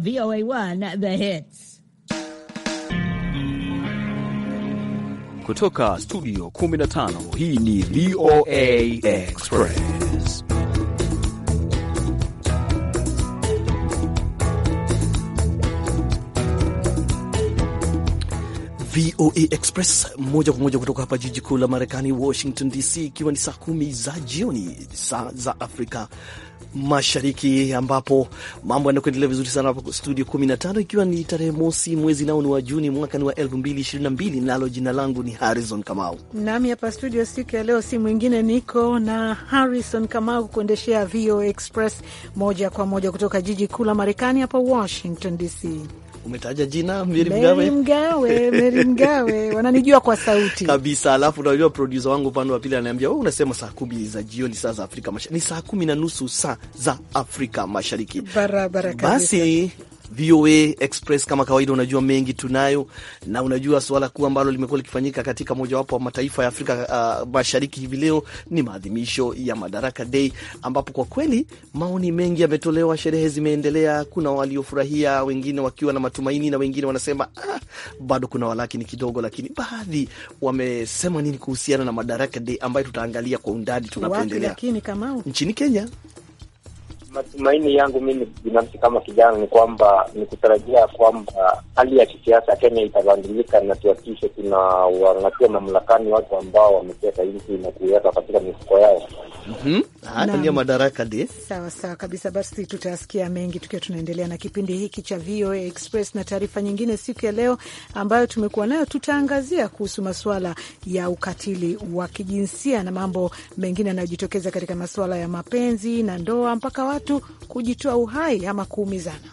VOA 1 The Hits. Kutoka studio 15 hii ni VOA Express. VOA Express moja kwa moja kutoka hapa jiji kuu la Marekani, Washington DC, ikiwa ni saa kumi za jioni, saa za Afrika Mashariki, ambapo mambo yanakuendelea vizuri sana hapa studio 15, ikiwa ni tarehe mosi mwezi nao ni wa Juni mwaka ni wa 2022, nalo jina langu ni Harrison Kamau. Nami hapa studio siku ya leo si mwingine, niko na Harrison Kamau kuendeshea VOA Express moja kwa moja kutoka jiji kuu la Marekani hapa Washington DC umetaja jina Meri Mgawe, Mgawe, Meri Mgawe wananijua kwa sauti kabisa. Alafu unajua produsa wangu upande wa pili ananiambia wewe unasema saa kumi za jioni saa za Afrika Mashariki, ni saa kumi na nusu saa za Afrika Mashariki barabara kabisa. Basi VOA Express kama kawaida, unajua mengi tunayo, na unajua suala kuu ambalo limekuwa likifanyika katika mojawapo wa mataifa ya Afrika uh, Mashariki hivi leo ni maadhimisho ya Madaraka Day, ambapo kwa kweli maoni mengi yametolewa. Sherehe zimeendelea, kuna waliofurahia, wengine wakiwa na matumaini, na wengine wanasema ah, bado kuna walaki ni kidogo, lakini baadhi wamesema nini kuhusiana na Madaraka Day ambayo tutaangalia kwa undani tunapoendelea nchini Kenya matumaini yangu mimi binafsi kama kijana ni kwamba ni kutarajia kwamba hali ya kisiasa Kenya itabadilika na tuhakikishe tunawangatia mamlakani watu ambao wameteka nchi na kuiweka katika mifuko yao. mm -hmm. Ndio madaraka de. Sawa sawa kabisa, basi tutasikia mengi tukiwa tunaendelea na kipindi hiki cha VOA Express na taarifa nyingine siku ya leo ambayo tumekuwa nayo, tutaangazia kuhusu masuala ya ukatili wa kijinsia na mambo mengine yanayojitokeza katika masuala ya mapenzi na ndoa mpaka watu watu kujitoa uhai ama kuumizana.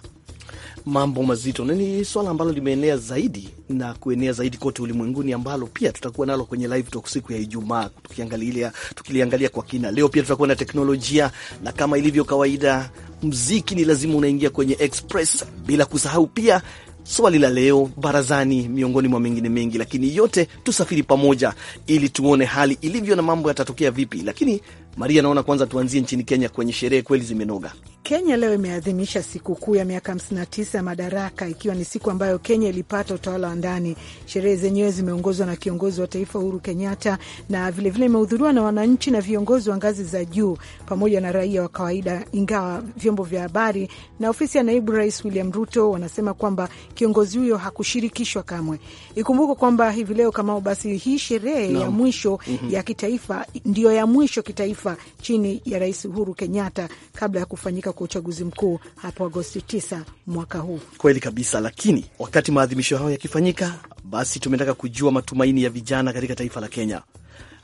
Mambo mazito na ni swala ambalo limeenea zaidi na kuenea zaidi kote ulimwenguni, ambalo pia tutakuwa nalo kwenye live talk siku ya Ijumaa, tukiangalia tukiliangalia kwa kina. Leo pia tutakuwa na teknolojia, na kama ilivyo kawaida, mziki ni lazima unaingia kwenye express, bila kusahau pia swali la leo, barazani, miongoni mwa mengine mengi, lakini yote tusafiri pamoja ili tuone hali ilivyo na mambo yatatokea vipi. Lakini Maria, naona kwanza tuanzie nchini Kenya kwenye sherehe, kweli zimenoga. Kenya leo imeadhimisha sikukuu ya miaka 59 ya madaraka, ikiwa ni siku ambayo Kenya ilipata utawala wa ndani. Sherehe zenyewe zimeongozwa na kiongozi wa taifa Uhuru Kenyatta na vilevile imehudhuriwa na wananchi na viongozi wa ngazi za juu pamoja na raia wa kawaida, ingawa vyombo vya habari na ofisi ya naibu rais William Ruto wanasema kwamba kiongozi huyo hakushirikishwa kamwe. Ikumbuke kwamba hivi leo kamao, basi hii sherehe no. ya mwisho mm -hmm. ya kitaifa ndiyo ya mwisho kitaifa chini ya rais Uhuru Kenyatta kabla ya kufanyika kwa uchaguzi mkuu hapo Agosti 9 mwaka huu. Kweli kabisa, lakini wakati maadhimisho hayo yakifanyika, basi tumetaka kujua matumaini ya vijana katika taifa la Kenya.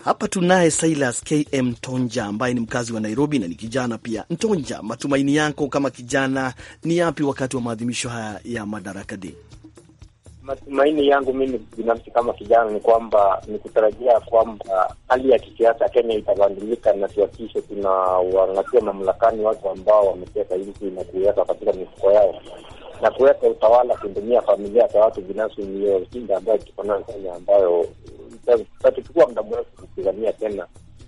Hapa tunaye Silas KM Tonja ambaye ni mkazi wa Nairobi na ni kijana pia. Ntonja, matumaini yako kama kijana ni yapi wakati wa maadhimisho haya ya Madaraka Day? Matumaini yangu mimi binafsi kama kijana ni kwamba ni kutarajia kwamba hali ya kisiasa Kenya itabadilika na tuhakikishe tunawaangatia mamlakani watu ambao wameteka nchi na kuweka katika mifuko yao na kuweka utawala kuendemia familia za watu binafsi. Ndiyo shinda ambayo tuko nayo Kenya, ambayo tatuchukua muda mrefu kupigania tena,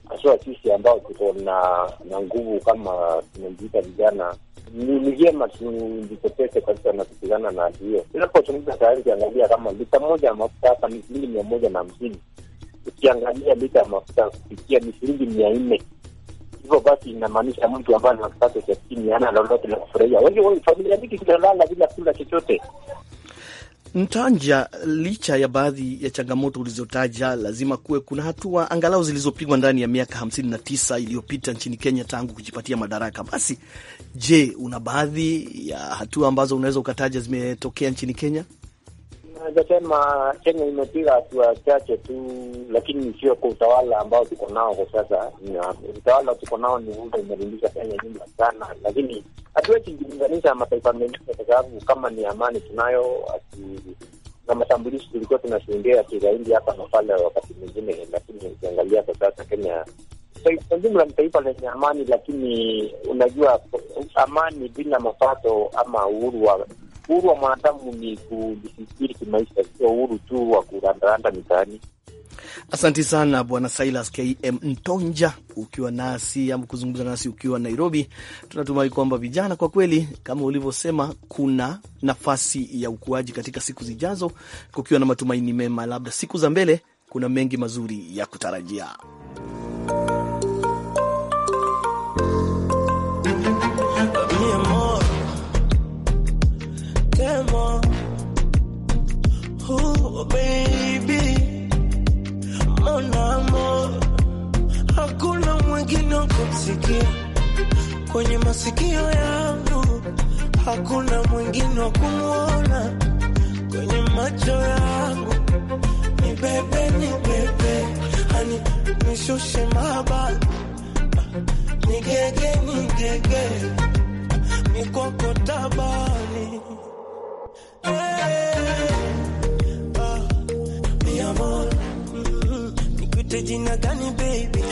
haswa sisi ambao tuko na na nguvu kama tumejiita vijana. Ni vyema tujipepese kabisa na kulingana na hiyo. Inapotumika tayari, ukiangalia kama lita moja ya mafuta hapa ni shilingi mia moja na hamsini, ukiangalia lita ya mafuta kupikia ni shilingi mia nne. Hivyo basi inamaanisha mtu ambaye ana kipato cha chini ana lolote la kufurahia. Wengi familia nyingi zinalala bila kula chochote, Mtanja, licha ya baadhi ya changamoto ulizotaja, lazima kuwe kuna hatua angalau zilizopigwa ndani ya miaka 59 iliyopita nchini Kenya tangu kujipatia madaraka. Basi je, una baadhi ya hatua ambazo unaweza ukataja zimetokea nchini Kenya? naweza sema Kenya imepiga hatua chache tu, lakini sio kwa utawala ambao tuko nao kwa sasa. Utawala tuko nao ni ule umerudisha Kenya nyuma sana, lakini hatuwezi kulinganisha mataifa mengine, kwa sababu kama ni amani tunayo na matambulishi tulikuwa tunashuhudia kigaidi hapa na pale wakati mwingine, lakini ukiangalia kwa sasa Kenya kwa jumla ni taifa lenye amani, lakini unajua amani bila mapato ama uhuru wa uhuru wa mwanadamu ni kujisikiri kimaisha, sio uhuru tu wa kurandaranda mitaani. Asanti sana Bwana Silas KM Ntonja, ukiwa nasi ama kuzungumza nasi ukiwa Nairobi. Tunatumai kwamba vijana, kwa kweli, kama ulivyosema, kuna nafasi ya ukuaji katika siku zijazo, kukiwa na matumaini mema, labda siku za mbele kuna mengi mazuri ya kutarajia. mwingine kumsikia kwenye masikio yangu, hakuna mwingine wa kumwona kwenye macho yangu. Ni bebe, ni bebe, hani nishushe maba, ni gege, ni gege, eh, ah, ni mm-hmm. kwako tabani jina gani baby?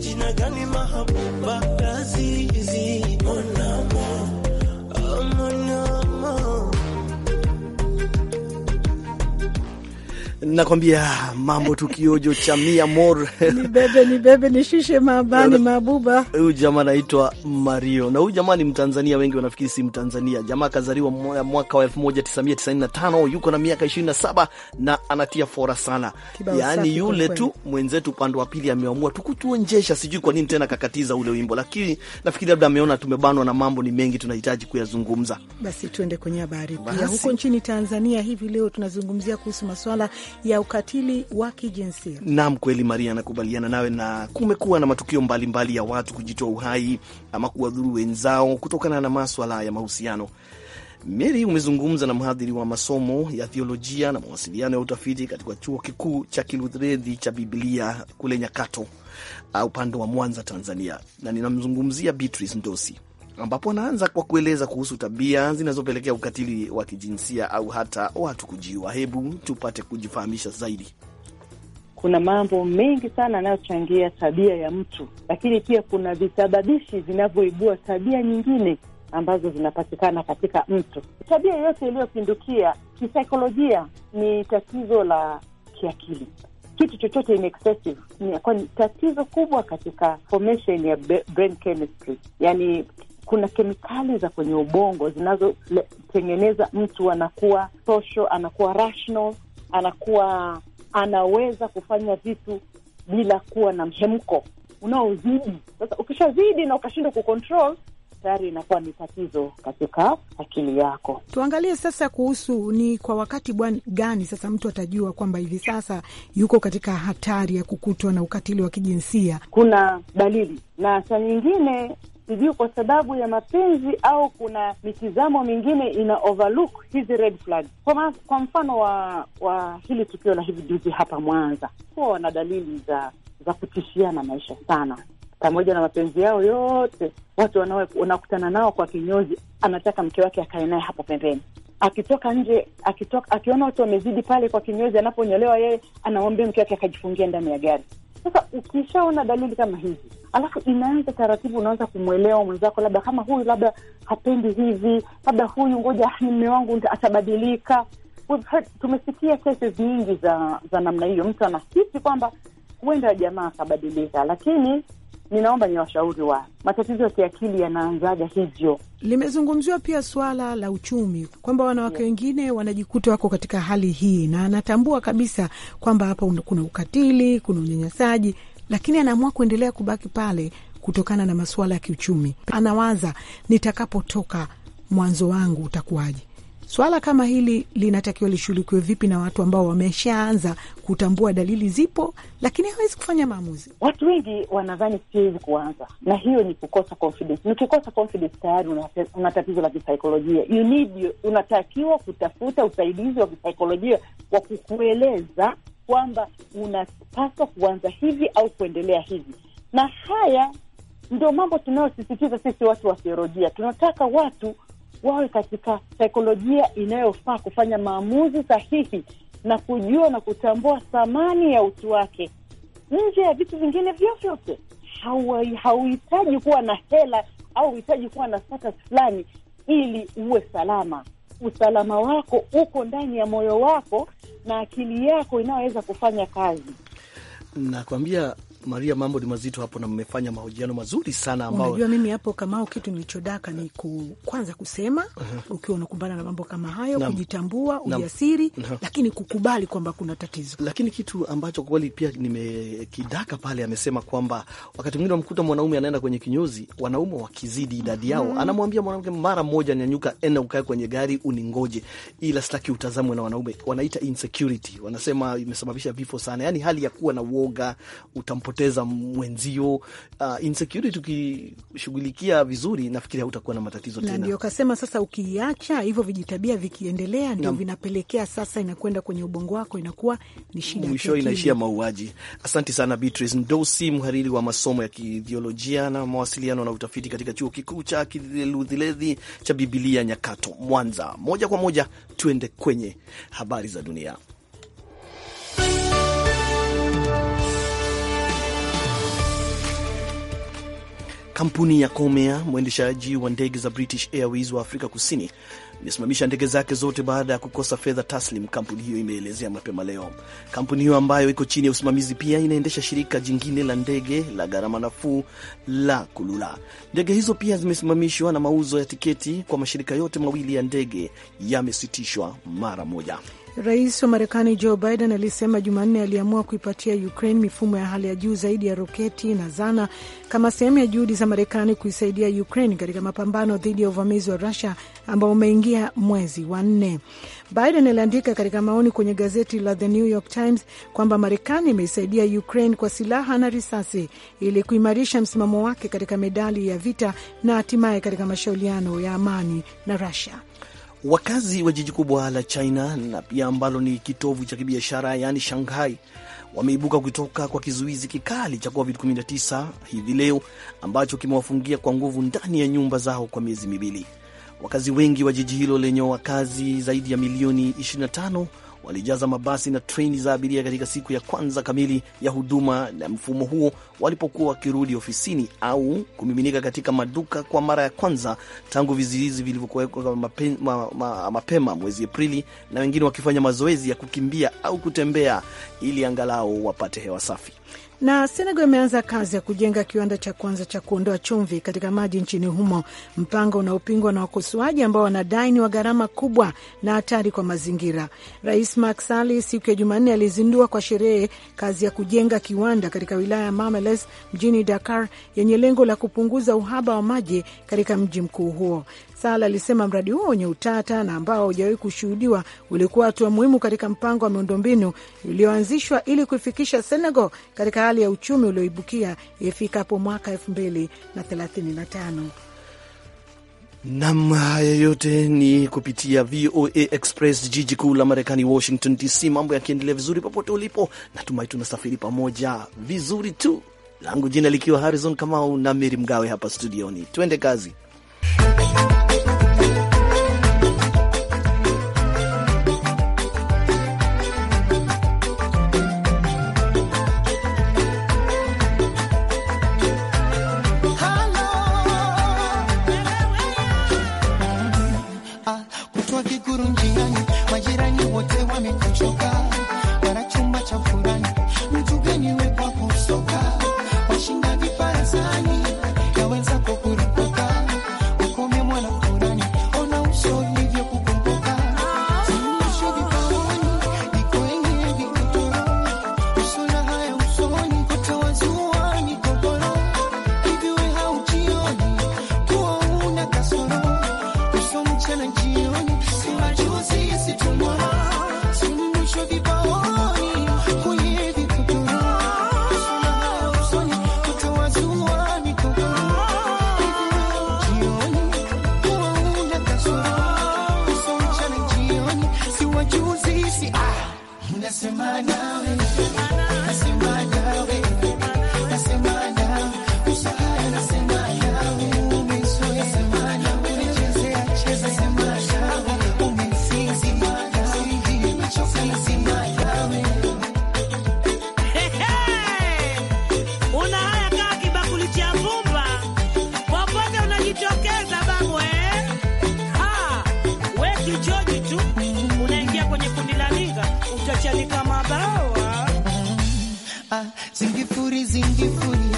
jina gani mahabuba nakwambia mambo tukiojo cha mia mor nibebe nibebe nishushe mabani mabuba. Huyu jamaa anaitwa Mario na huyu jamaa ni Mtanzania, wengi wanafikiri si Mtanzania. Jamaa kazaliwa mwaka wa 1995 yuko na miaka 27 na anatia fora sana, yaani yule tu mwenzetu upande wa pili ameamua tukutuonjesha. Sijui kwa nini tena kakatiza ule wimbo, lakini nafikiri labda ameona tumebanwa na mambo ni mengi tunahitaji kuyazungumza. Basi tuende kwenye habari pia huko nchini Tanzania hivi leo tunazungumzia kuhusu masuala ya ukatili wa kijinsia. Naam, kweli Maria, anakubaliana nawe, na kumekuwa na matukio mbalimbali mbali ya watu kujitoa uhai ama kuwadhuru wenzao kutokana na maswala ya mahusiano. Mary, umezungumza na mhadhiri wa masomo ya theolojia na mawasiliano ya utafiti katika chuo kikuu cha Kilutheri cha biblia kule Nyakato uh, upande wa Mwanza, Tanzania, na ninamzungumzia Beatrice Ndosi ambapo anaanza kwa kueleza kuhusu tabia zinazopelekea ukatili wa kijinsia au hata watu kujiua. Hebu tupate kujifahamisha zaidi. Kuna mambo mengi sana yanayochangia tabia ya mtu, lakini pia kuna visababishi vinavyoibua tabia nyingine ambazo zinapatikana katika mtu. Tabia yoyote iliyopindukia kisaikolojia ni tatizo la kiakili. Kitu chochote in excessive ni tatizo kubwa katika formation ya brain chemistry, yani kuna kemikali za kwenye ubongo zinazotengeneza mtu anakuwa social, anakuwa rational, anakuwa anaweza kufanya vitu bila kuwa na mhemko unaozidi. Sasa ukishazidi na ukashindwa kucontrol tayari inakuwa ni tatizo katika akili yako. Tuangalie sasa kuhusu ni kwa wakati gani sasa mtu atajua kwamba hivi sasa yuko katika hatari ya kukutwa na ukatili wa kijinsia. Kuna dalili, na saa nyingine sijui kwa sababu ya mapenzi au kuna mitizamo mingine ina overlook hizi red Kwa, ma, kwa mfano wa wa hili tukio la hivi juzi hapa Mwanza, huwa wana dalili za za kutishiana maisha sana, pamoja na mapenzi yao yote. Watu wanakutana nao kwa kinyozi, anataka mke wake akae naye hapo pembeni akitoka nje akitoka, akiona watu wamezidi pale kwa kinyozi, anaponyolewa yeye anaombea mke wake akajifungia ndani ya gari. Sasa ukishaona dalili kama hizi, alafu inaanza taratibu, unaanza kumwelewa mwenzako, labda kama huyu, labda hapendi hivi, labda huyu, ngoja ah, ni mme wangu atabadilika. Tumesikia cases nyingi za za namna hiyo, mtu anahisi kwamba huenda jamaa akabadilika, lakini ninaomba ni washauri wa matatizo ya kiakili yanaanzaja hivyo. Limezungumziwa pia swala la uchumi, kwamba wanawake wengine wanajikuta wako katika hali hii, na anatambua kabisa kwamba hapa kuna ukatili, kuna unyanyasaji, lakini anaamua kuendelea kubaki pale kutokana na masuala ya kiuchumi. Anawaza, nitakapotoka mwanzo wangu utakuwaje? swala kama hili linatakiwa lishughulikiwe vipi na watu ambao wameshaanza kutambua dalili zipo, lakini hawezi kufanya maamuzi? Watu wengi wanadhani siwezi kuanza, na hiyo ni kukosa confidence. Nikikosa confidence tayari una tatizo la kisaikolojia. unatakiwa kutafuta usaidizi wa kisaikolojia wa kukueleza kwamba unapaswa kuanza hivi au kuendelea hivi, na haya ndio mambo tunayosisitiza sisi watu wa theolojia. Tunataka watu wawe katika saikolojia inayofaa kufanya maamuzi sahihi na kujua na kutambua thamani ya utu wake nje ya vitu vingine vyovyote. Hauhitaji kuwa na hela au uhitaji kuwa na status fulani ili uwe salama. Usalama wako uko ndani ya moyo wako na akili yako inayoweza kufanya kazi. Nakwambia Maria, mambo ni mazito hapo, na mmefanya mahojiano mazuri sana ambao unajua, mimi hapo Kamao, kitu nilichodaka ni ku, kwanza kusema uh -huh. ukiwa unakumbana na mambo kama hayo Naam. kujitambua, ujasiri Naam. Uh-huh. lakini kukubali kwamba kuna tatizo. Lakini kitu ambacho kweli pia nimekidaka pale, amesema kwamba wakati mwingine wamkuta mwanaume anaenda kwenye kinyozi, wanaume wakizidi idadi yao mm -hmm. anamwambia mwanamke mara moja, nyanyuka, enda ukae kwenye gari uningoje, ila sitaki utazamwe na wanaume. Wanaita insecurity, wanasema imesababisha vifo sana, yani hali ya kuwa na uoga utampo kupoteza mwenzio. Uh, insecurity ukishughulikia vizuri, nafikiri hautakuwa na matatizo tena. Ndio kasema sasa, ukiacha hivyo vijitabia vikiendelea, ndio vinapelekea sasa, inakwenda kwenye ubongo wako, inakuwa ni shida, mwisho inaishia mauaji. Asante sana Beatrice Ndosi, mhariri wa masomo ya kithiolojia na mawasiliano na utafiti katika chuo kikuu cha Kithelutheledhi cha Bibilia Nyakato, Mwanza. Moja kwa moja tuende kwenye habari za dunia. Kampuni ya komea mwendeshaji wa ndege za British Airways wa Afrika Kusini, imesimamisha ndege zake zote baada ya kukosa fedha taslim, kampuni hiyo imeelezea mapema leo. Kampuni hiyo ambayo iko chini ya usimamizi pia inaendesha shirika jingine la ndege la gharama nafuu la Kulula. Ndege hizo pia zimesimamishwa na mauzo ya tiketi kwa mashirika yote mawili ya ndege yamesitishwa mara moja. Rais wa Marekani Joe Biden alisema Jumanne aliamua kuipatia Ukraine mifumo ya hali ya juu zaidi ya roketi na zana kama sehemu ya juhudi za Marekani kuisaidia Ukraine katika mapambano dhidi ya uvamizi wa Rusia ambao umeingia mwezi wa nne. Biden aliandika katika maoni kwenye gazeti la The New York Times kwamba Marekani imeisaidia Ukraine kwa silaha na risasi ili kuimarisha msimamo wake katika medali ya vita na hatimaye katika mashauriano ya amani na Rusia. Wakazi wa jiji kubwa la China na pia ambalo ni kitovu cha kibiashara yaani Shanghai wameibuka kutoka kwa kizuizi kikali cha COVID-19 hivi leo ambacho kimewafungia kwa nguvu ndani ya nyumba zao kwa miezi miwili. Wakazi wengi wa jiji hilo lenye wakazi zaidi ya milioni 25 walijaza mabasi na treni za abiria katika siku ya kwanza kamili ya huduma na mfumo huo walipokuwa wakirudi ofisini au kumiminika katika maduka kwa mara ya kwanza tangu vizuizi vilivyokuwekwa mapema, ma, ma, mapema mwezi Aprili, na wengine wakifanya mazoezi ya kukimbia au kutembea ili angalau wapate hewa safi. Na Senegal imeanza kazi ya kujenga kiwanda cha kwanza cha kuondoa chumvi katika maji nchini humo, mpango unaopingwa na wakosoaji ambao wanadai ni wa gharama kubwa na hatari kwa mazingira. Rais Macky Sall siku ya Jumanne alizindua kwa sherehe kazi ya kujenga kiwanda katika wilaya ya mameles mjini Dakar, yenye lengo la kupunguza uhaba wa maji katika mji mkuu huo. Sala alisema mradi huo wenye utata na ambao haujawahi kushuhudiwa ulikuwa hatua muhimu katika mpango wa miundombinu iliyoanzishwa ili kuifikisha Senegal katika hali ya uchumi ulioibukia ifikapo mwaka elfu mbili na thelathini na tano. Nam, haya yote ni kupitia VOA Express, jiji kuu la Marekani, Washington DC. Mambo yakiendelea vizuri popote ulipo, natumai tunasafiri pamoja vizuri tu, langu jina likiwa Harrison Kamau na Meri Mgawe hapa studioni. Twende kazi. zingifuri, zingifuri,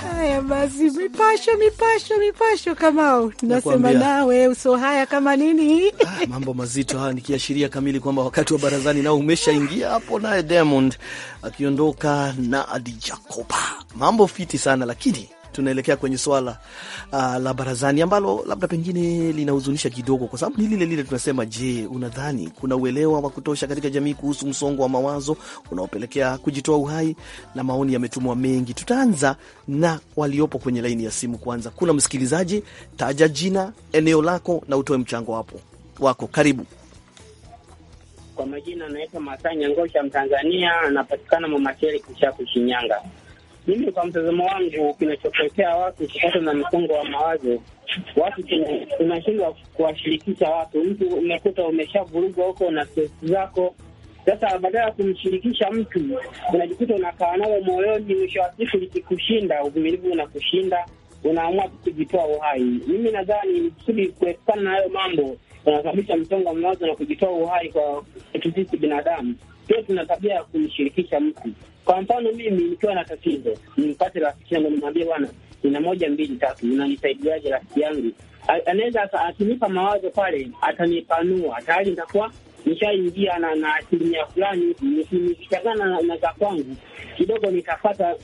haya basi, mipasho mipasho mipasho, Kamau tunasema nawe uso haya kama nini? Ah, mambo mazito haya, ah, nikiashiria kamili kwamba wakati wa barazani nao umeshaingia hapo, naye Diamond akiondoka na Adi Jacoba, mambo fiti sana lakini tunaelekea kwenye swala uh, la barazani ambalo labda pengine linahuzunisha kidogo, kwa sababu ni lile lile tunasema. Je, unadhani kuna uelewa wa kutosha katika jamii kuhusu msongo wa mawazo unaopelekea kujitoa uhai? Na maoni yametumwa mengi, tutaanza na waliopo kwenye laini ya simu. Kwanza kuna msikilizaji, taja jina, eneo lako na utoe mchango wapo wako. Karibu. Kwa majina anaitwa Masaa Nyangosha, Mtanzania, anapatikana Mamacheli Kushaku, Shinyanga. Mimi kwa mtazamo wangu, kinachopelekea watu kupata na msongo wa mawazo, watu tunashindwa kuwashirikisha watu. Mtu umekuta umeshavurugwa huko na stress zako, sasa badala ya kumshirikisha mtu unajikuta unakaa nao moyoni, mwisho wa siku likikushinda, uvumilivu unakushinda, unaamua kujitoa uhai. Mimi nadhani kusudi kuepukana na hayo mambo unasababisha msongo wa mawazo na kujitoa uhai kwa sisi binadamu pia tuna tabia ya kumshirikisha mtu. Kwa mfano, mimi nikiwa na tatizo, nimpate rafiki yangu, nimwambie bwana, nina moja mbili tatu, unanisaidiaje rafiki yangu? Anaweza akinipa mawazo pale, atanipanua tayari, nitakuwa nishaingia na na asilimia fulani. Nikichangana na za kwangu kidogo, nitapata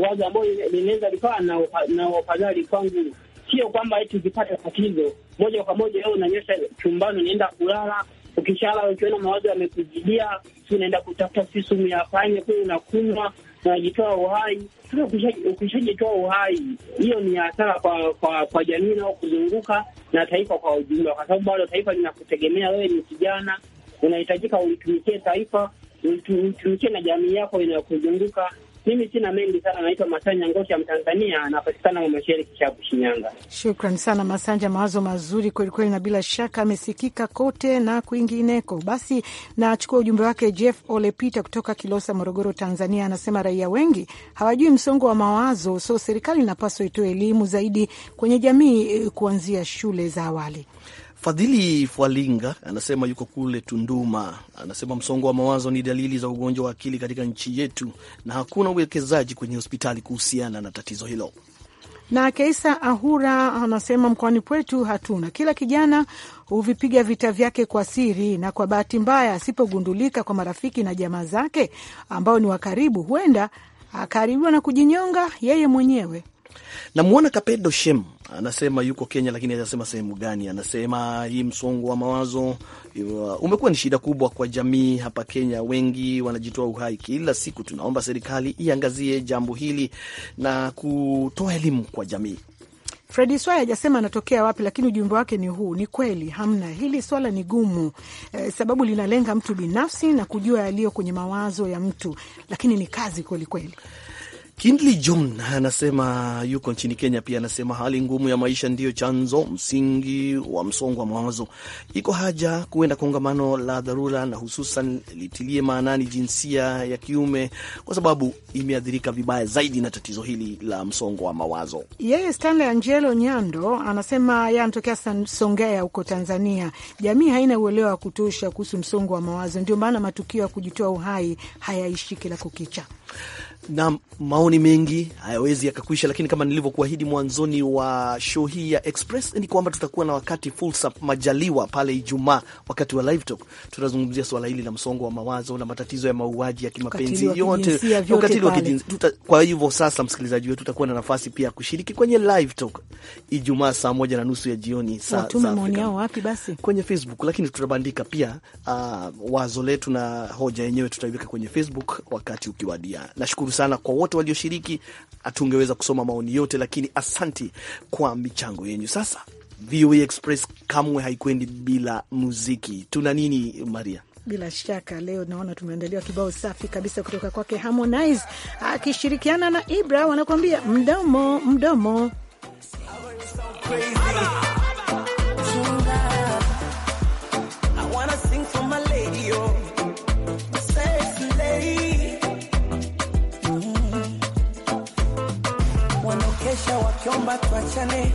wazo ambayo linaweza likawa na wafadhali kwangu. Sio kwamba eti ukipata tatizo moja kwa moja leo unanyesha chumbani, unaenda kulala Ukishala ukiona mawazo yamekujidia unaenda kutafuta si sumu ya panya, unakunywa, unajitoa uhai. Sasa ukishajitoa uhai, hiyo ni hasara kwa kwa, kwa jamii nao kuzunguka na taifa kwa ujumla, kwa sababu bado taifa linakutegemea wewe. Ni kijana, unahitajika ulitumikie taifa, ulitumikie na jamii yako inayokuzunguka mimi sina mengi sana, naitwa Masanja Ngosha, Mtanzania, anapatikana Mashariki Shapu, Shinyanga. Shukran sana Masanja, mawazo mazuri kwelikweli, na bila shaka amesikika kote na kwingineko. Basi nachukua ujumbe wake Jeff Olepita kutoka Kilosa, Morogoro, Tanzania. Anasema raia wengi hawajui msongo wa mawazo, so serikali inapaswa itoe elimu zaidi kwenye jamii, eh, kuanzia shule za awali. Fadhili Fwalinga anasema yuko kule Tunduma. Anasema msongo wa mawazo ni dalili za ugonjwa wa akili katika nchi yetu, na hakuna uwekezaji kwenye hospitali kuhusiana na tatizo hilo. Na Keisa Ahura anasema mkoani kwetu hatuna, kila kijana huvipiga vita vyake kwa siri, na kwa bahati mbaya asipogundulika kwa marafiki na jamaa zake ambao ni wakaribu huenda akaharibiwa na kujinyonga yeye mwenyewe. Namwona Kapedo Shem anasema yuko Kenya, lakini ajasema sehemu gani. Anasema hii msongo wa mawazo uh, umekuwa ni shida kubwa kwa jamii hapa Kenya, wengi wanajitoa uhai kila siku. Tunaomba serikali iangazie jambo hili na kutoa elimu kwa jamii. Fredi Swai hajasema anatokea wapi, lakini ujumbe wake ni huu: ni kweli hamna, hili swala ni gumu eh, sababu linalenga mtu binafsi na kujua yaliyo kwenye mawazo ya mtu, lakini ni kazi kwelikweli kweli. Kindly John anasema yuko nchini Kenya. Pia anasema hali ngumu ya maisha ndiyo chanzo msingi wa msongo wa mawazo. Iko haja kuenda kongamano la dharura, na hususan litilie maanani jinsia ya kiume, kwa sababu imeathirika vibaya zaidi na tatizo hili la msongo wa mawazo. Yeye Stanley Angelo Nyando anasema yeye anatokea Songea huko Tanzania. Jamii haina uelewa wa kutosha kuhusu msongo wa mawazo, ndio maana matukio ya kujitoa uhai hayaishi kila kukicha na maoni maoni mengi hayawezi yakakwisha, lakini kama nilivyokuahidi mwanzoni wa show hii ya Express ni kwamba tutakuwa na wakati fursa majaliwa pale Ijumaa wakati wa live talk, tutazungumzia swala hili la msongo wa mawazo na matatizo ya mauaji ya kimapenzi yote, ukatili wa kijinsia. Kwa hivyo sasa, msikilizaji wetu, tutakuwa na nafasi pia ya kushiriki kwenye live talk Ijumaa saa moja na nusu ya jioni saa za Afrika. Wapi basi? Kwenye Facebook, lakini tutabandika pia uh, wazo letu na hoja yenyewe tutaiweka kwenye Facebook wakati ukiwadia. Nashukuru sana kwa wote walio kushiriki, hatungeweza kusoma maoni yote, lakini asanti kwa michango yenyu. Sasa VOA Express kamwe haikwendi bila muziki. Tuna nini Maria? Bila shaka leo naona tumeandaliwa kibao safi kabisa kutoka kwake Harmonize akishirikiana na Ibra, wanakuambia mdomo mdomo. Watch kuachane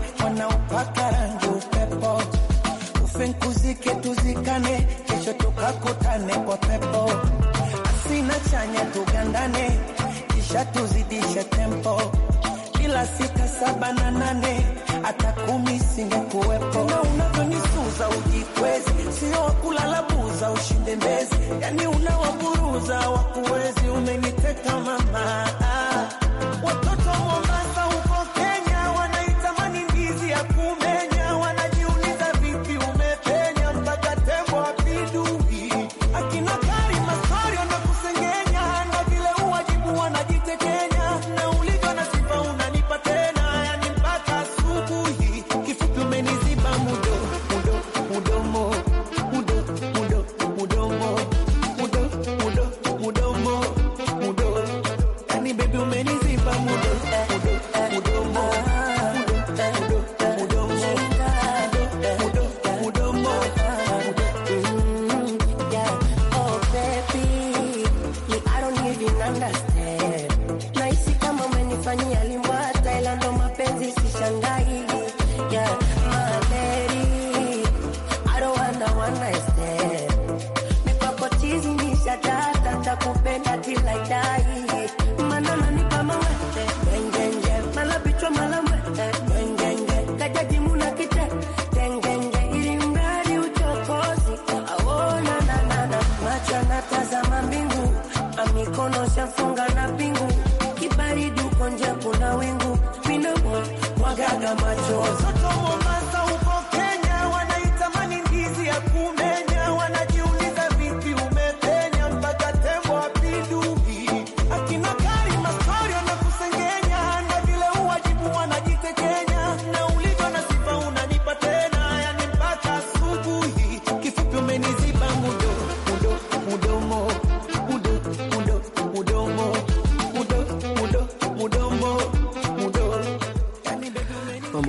na machozi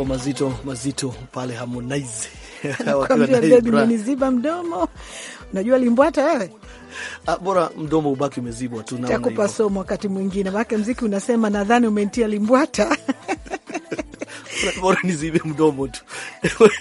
mazito mazito pale Harmonize niziba mdomo, unajua limbwata wewe ah, bora mdomo ubaki umezibwa tu, takupa somo wakati mwingine, maake mziki unasema, nadhani umentia limbwata bora nizibe mdomo tu.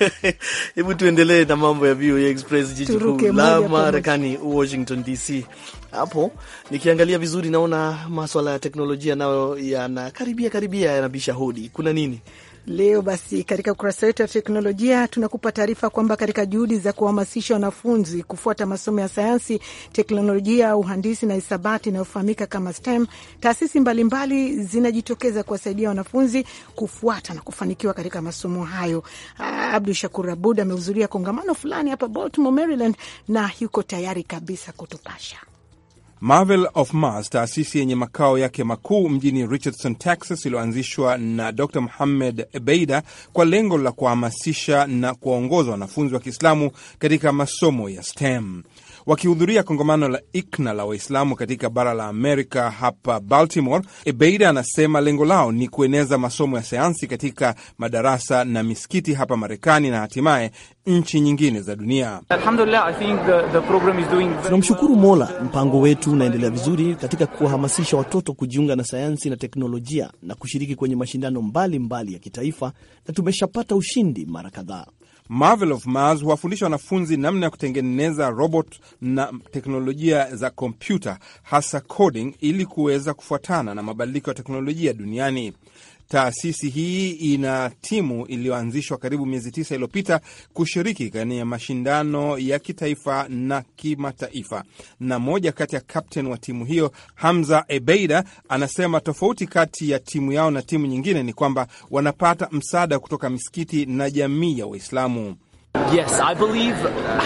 Hebu tuendelee na mambo ya VOA Express, jiji kuu la Marekani, Washington DC. Hapo nikiangalia vizuri, naona maswala ya teknolojia nayo yanakaribia karibia, yanabisha hodi. Kuna nini? Leo basi katika ukurasa wetu wa teknolojia tunakupa taarifa kwamba katika juhudi za kuhamasisha wanafunzi kufuata masomo ya sayansi, teknolojia, uhandisi na hisabati inayofahamika kama STEM, taasisi mbalimbali zinajitokeza kuwasaidia wanafunzi kufuata na kufanikiwa katika masomo hayo. Abdu Shakur Abud amehudhuria kongamano fulani hapa Baltimore, Maryland, na yuko tayari kabisa kutupasha Marvel of Mars, taasisi yenye makao yake makuu mjini Richardson, Texas, iliyoanzishwa na Dr Muhammed Beida kwa lengo la kuwahamasisha na kuwaongoza wanafunzi wa Kiislamu katika masomo ya STEM wakihudhuria kongamano la IKNA la Waislamu katika bara la Amerika hapa Baltimore. Ebeida anasema lengo lao ni kueneza masomo ya sayansi katika madarasa na misikiti hapa Marekani na hatimaye nchi nyingine za dunia. Tunamshukuru Mola, mpango wetu unaendelea vizuri katika kuwahamasisha watoto kujiunga na sayansi na teknolojia na kushiriki kwenye mashindano mbalimbali mbali ya kitaifa, na tumeshapata ushindi mara kadhaa. Marvel of Mars huwafundisha wanafunzi namna ya kutengeneza robot na teknolojia za kompyuta, hasa coding, ili kuweza kufuatana na mabadiliko ya teknolojia duniani. Taasisi hii ina timu iliyoanzishwa karibu miezi tisa iliyopita kushiriki kwenye mashindano ya kitaifa na kimataifa, na moja kati ya kapten wa timu hiyo Hamza Ebeida anasema tofauti kati ya timu yao na timu nyingine ni kwamba wanapata msaada kutoka misikiti na jamii ya Waislamu. Yes, I believe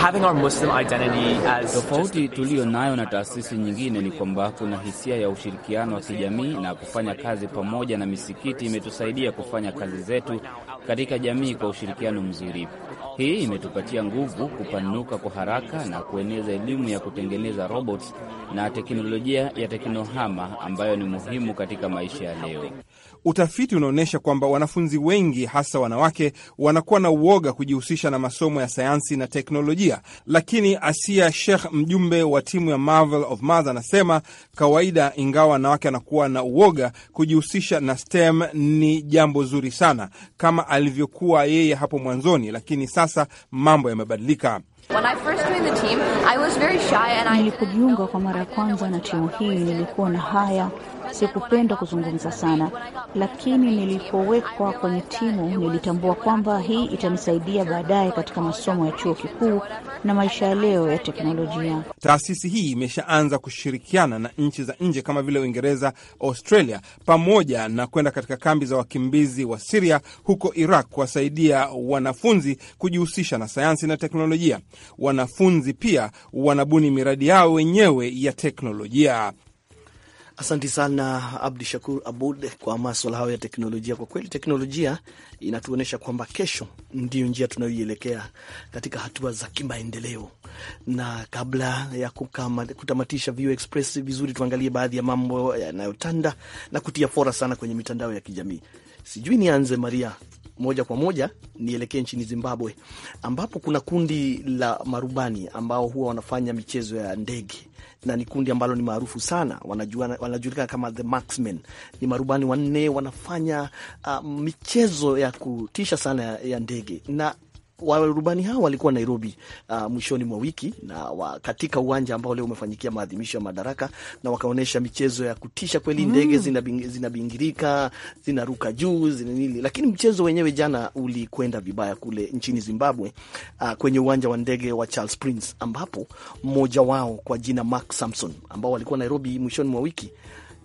having our Muslim identity as... Tofauti tuliyo nayo na taasisi nyingine ni kwamba kuna hisia ya ushirikiano wa kijamii na kufanya kazi pamoja na misikiti imetusaidia kufanya kazi zetu katika jamii kwa ushirikiano mzuri. Hii imetupatia nguvu kupanuka kwa haraka na kueneza elimu ya kutengeneza robots na teknolojia ya teknohama ambayo ni muhimu katika maisha ya leo. Utafiti unaonyesha kwamba wanafunzi wengi hasa wanawake wanakuwa na uoga kujihusisha na masomo ya sayansi na teknolojia, lakini Asia Sheikh, mjumbe wa timu ya Marvel of Mars, anasema kawaida, ingawa wanawake wanakuwa na uoga kujihusisha na STEM, ni jambo zuri sana kama alivyokuwa yeye hapo mwanzoni, lakini sasa mambo yamebadilika. Nilipojiunga kwa mara ya kwanza na timu hii, nilikuwa na haya Sikupenda kuzungumza sana, lakini nilipowekwa kwenye timu nilitambua kwamba hii itanisaidia baadaye katika masomo ya chuo kikuu na maisha ya leo ya teknolojia. Taasisi hii imeshaanza kushirikiana na nchi za nje kama vile Uingereza, Australia, pamoja na kwenda katika kambi za wakimbizi wa Siria huko Iraq kuwasaidia wanafunzi kujihusisha na sayansi na teknolojia. Wanafunzi pia wanabuni miradi yao wenyewe ya teknolojia asanti sana Abdu Shakur Abud kwa maswala hayo ya teknolojia. Kwa kweli teknolojia inatuonyesha kwamba kesho ndiyo njia tunayoielekea katika hatua za kimaendeleo, na kabla ya kukama, kutamatisha View Express vizuri, tuangalie baadhi ya mambo yanayotanda na kutia fora sana kwenye mitandao ya kijamii. Sijui nianze Maria moja kwa moja nielekee nchini Zimbabwe ambapo kuna kundi la marubani ambao huwa wanafanya michezo ya ndege na ni kundi ambalo ni maarufu sana, wanajulikana kama the Marksmen. Ni marubani wanne wanafanya uh, michezo ya kutisha sana ya, ya ndege na warubani hao walikuwa Nairobi uh, mwishoni mwa wiki na wa, katika uwanja ambao leo umefanyikia maadhimisho ya Madaraka, na wakaonyesha michezo ya kutisha kweli, ndege mm, Ndege zinabingirika zinaruka juu zina nini, lakini mchezo wenyewe jana ulikwenda vibaya kule nchini Zimbabwe, uh, kwenye uwanja wa ndege wa Charles Prince, ambapo mmoja wao kwa jina Mark Samson ambao walikuwa Nairobi mwishoni mwa wiki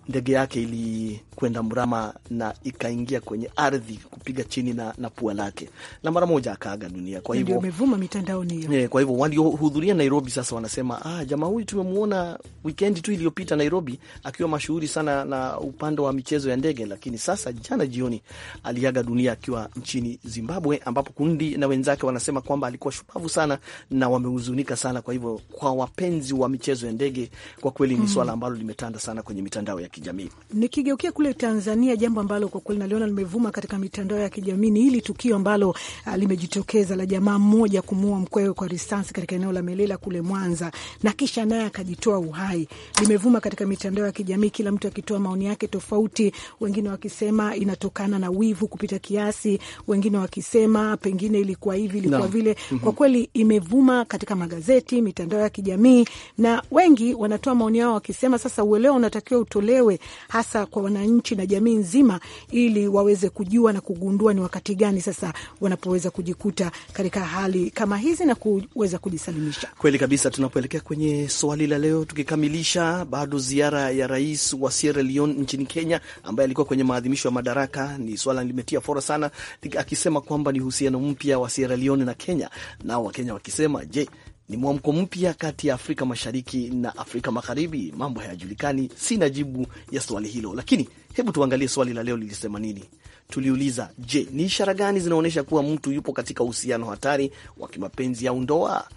ndege yake ilikwenda mrama na ikaingia kwenye ardhi kupiga chini na, na pua lake na mara moja akaaga dunia. Kwa hivyo umevuma mitandaoni hiyo yeah. Kwa hivyo waliohudhuria Nairobi sasa wanasema ah, jamaa huyu tumemwona wikendi tu iliyopita Nairobi akiwa mashuhuri sana na upande wa michezo ya ndege, lakini sasa jana jioni aliaga dunia akiwa nchini Zimbabwe, ambapo kundi na wenzake wanasema kwamba alikuwa shupavu sana na wamehuzunika sana. Kwa hivyo kwa wapenzi wa michezo ya ndege, kwa kweli ni hmm. swala ambalo limetanda sana kwenye mitandao ya kijamii. Nikigeukia kule Tanzania, jambo ambalo kwa kweli naliona limevuma katika mitandao ya kijamii ni hili tukio ambalo ah, limejitokeza la jamaa mmoja kumuua mkwewe kwa risasi katika eneo la Melela kule Mwanza na kisha naye akajitoa uhai. Limevuma katika mitandao ya kijamii, kila mtu akitoa maoni yake tofauti, wengine wakisema inatokana na wivu kupita kiasi, wengine wakisema pengine ilikuwa hivi, ilikuwa no. vile mhm. Kwa kweli imevuma katika magazeti, mitandao ya kijamii na wengi wanatoa maoni yao wakisema, sasa uelewa unatakiwa utolewe wenyewe, hasa kwa wananchi na jamii nzima, ili waweze kujua na kugundua ni wakati gani sasa wanapoweza kujikuta katika hali kama hizi na kuweza kujisalimisha. Kweli kabisa. Tunapoelekea kwenye swali la leo, tukikamilisha bado ziara ya rais wa Sierra Leone nchini Kenya ambaye alikuwa kwenye maadhimisho ya madaraka, ni swala limetia fora sana, akisema kwamba ni uhusiano mpya wa Sierra Leone na Kenya, nao Wakenya wakisema je, ni mwamko mpya kati ya Afrika Mashariki na Afrika Magharibi. Mambo hayajulikani, sina jibu ya swali hilo, lakini hebu tuangalie swali la leo lilisema nini. Tuliuliza, je, ni ishara gani zinaonyesha kuwa mtu yupo katika uhusiano hatari wa kimapenzi au ndoa?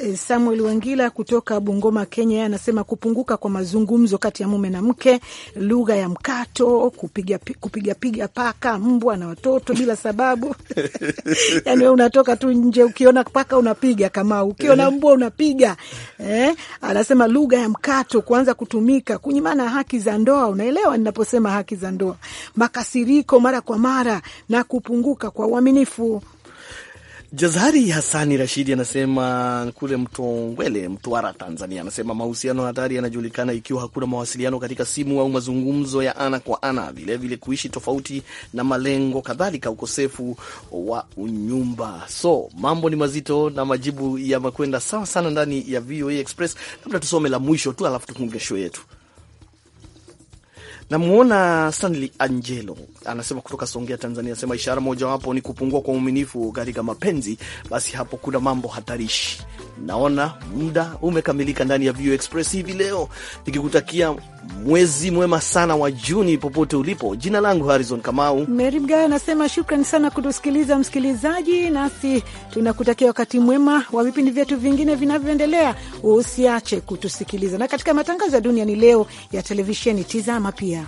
Eh, Samuel Wangila kutoka Bungoma, Kenya, anasema kupunguka kwa mazungumzo kati ya mume na mke, lugha ya mkato, kupiga kupiga piga paka, mbwa na watoto bila sababu. Yani wewe unatoka tu nje, ukiona paka unapiga, kama ukiona eh. mbwa unapiga. Eh, anasema lugha ya mkato kuanza kutumika kunyimana haki za ndoa. Unaelewa ninaposema haki za ndoa, makasiriko mara kwa mara na kupunguka kwa uaminifu. Jazari Hasani Rashidi anasema kule Mtongwele, Mtwara, Tanzania, anasema mahusiano hatari yanajulikana ikiwa hakuna mawasiliano katika simu au mazungumzo ya ana kwa ana, vilevile kuishi tofauti na malengo, kadhalika ukosefu wa unyumba. So mambo ni mazito na majibu yamekwenda sawa sana ndani ya VOA Express. Labda tusome la mwisho tu, alafu tufunge show yetu. Namwona Stanley Angelo anasema kutoka Songea, Tanzania, anasema ishara mojawapo ni kupungua kwa uaminifu katika mapenzi, basi hapo kuna mambo hatarishi naona muda umekamilika ndani ya View Express hivi leo, nikikutakia mwezi mwema sana wa Juni popote ulipo. Jina langu Harrison Kamau. Meri Mgawe anasema shukran sana kutusikiliza msikilizaji, nasi tunakutakia wakati mwema wa vipindi vyetu vingine vinavyoendelea. Usiache kutusikiliza na katika matangazo ya duniani leo ya televisheni, tizama pia